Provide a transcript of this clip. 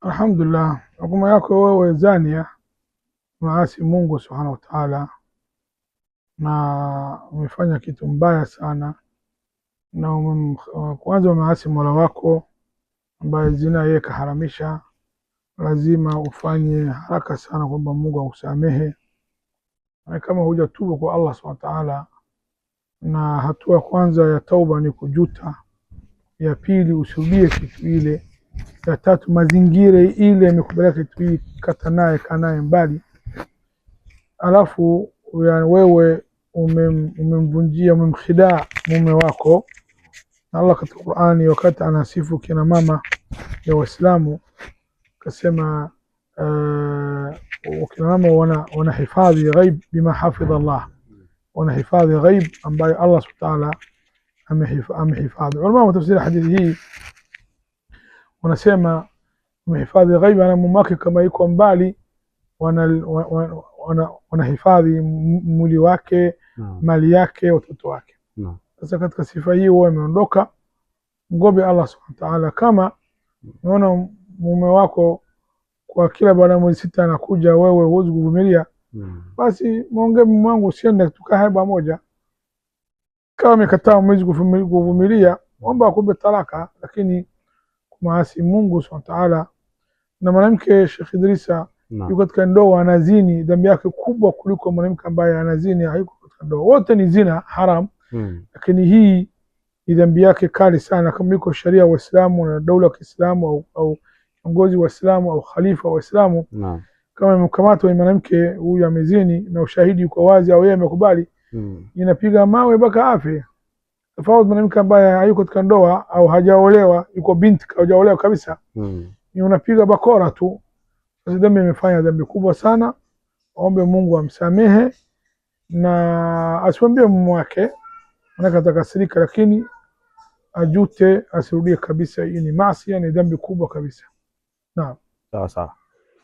Alhamdulillah, hukumu yako wewe Zania, unaasi Mungu subhanahu wa taala, na umefanya kitu mbaya sana, na kwanza umeasi mola wako ambaye zina yeye kaharamisha. Lazima ufanye haraka sana kwamba Mungu akusamehe, na kama tubu kwa Allah subhanahu wa taala. Na hatua kwanza ya tauba ni kujuta, ya pili usubie kitu ile ya tatu mazingira ile imekubalika tuikata naye kanaye mbali, alafu wewe umemvunjia umemkhidaa mume wako. Na Allah katika Qur'ani, wakati anasifu kina mama ya Waislamu kasema eh, kina mama wana wanahifadhi ghaib bima hafidha Allah, wanahifadhi ghaib ambayo Allah subhanahu wa ta'ala amehifadhi. Ulama wa tafsiri hadithi hii wanasema wamehifadhi ghaiba na mume wake kama yuko mbali, wanahifadhi wana, wana, wana mwili wake no. mali yake, watoto wake sasa katika sifa hii huwa ameondoka mgobe Allah subhanahu wa ta'ala. Kama unaona mume wako kwa kila baada ya mwezi sita anakuja, wewe huwezi kuvumilia no. basi mwongee mume wangu, usiende, tukae moja Kama amekataa mwezi kuvumilia, omba akupe talaka, lakini kumwasi Mungu subhanahu wa ta'ala. Na mwanamke Sheikh Idrisa yuko katika ndoa anazini, dhambi yake kubwa kuliko mwanamke ambaye anazini hayuko katika ndoa. Wote ni zina haram, hmm. lakini hii ni dhambi yake kali sana, kama iko sheria wa Uislamu na daula ya Kiislamu au au kiongozi wa Uislamu au khalifa wa Uislamu, kama imekamatwa mwanamke huyu amezini na ushahidi uko wazi au yeye amekubali, hmm. inapiga mawe mpaka afe. Tofauti mke ambaye hayuko katika ndoa au hajaolewa, yuko binti hajaolewa kabisa mm. ni unapiga bakora tu. Sasa dhambi imefanya dhambi kubwa sana, aombe Mungu amsamehe na asiwambie mume wake, manake atakasirika, lakini ajute, asirudie kabisa. Hii ni maasi, ni dhambi kubwa kabisa. Naam, sawa sawa.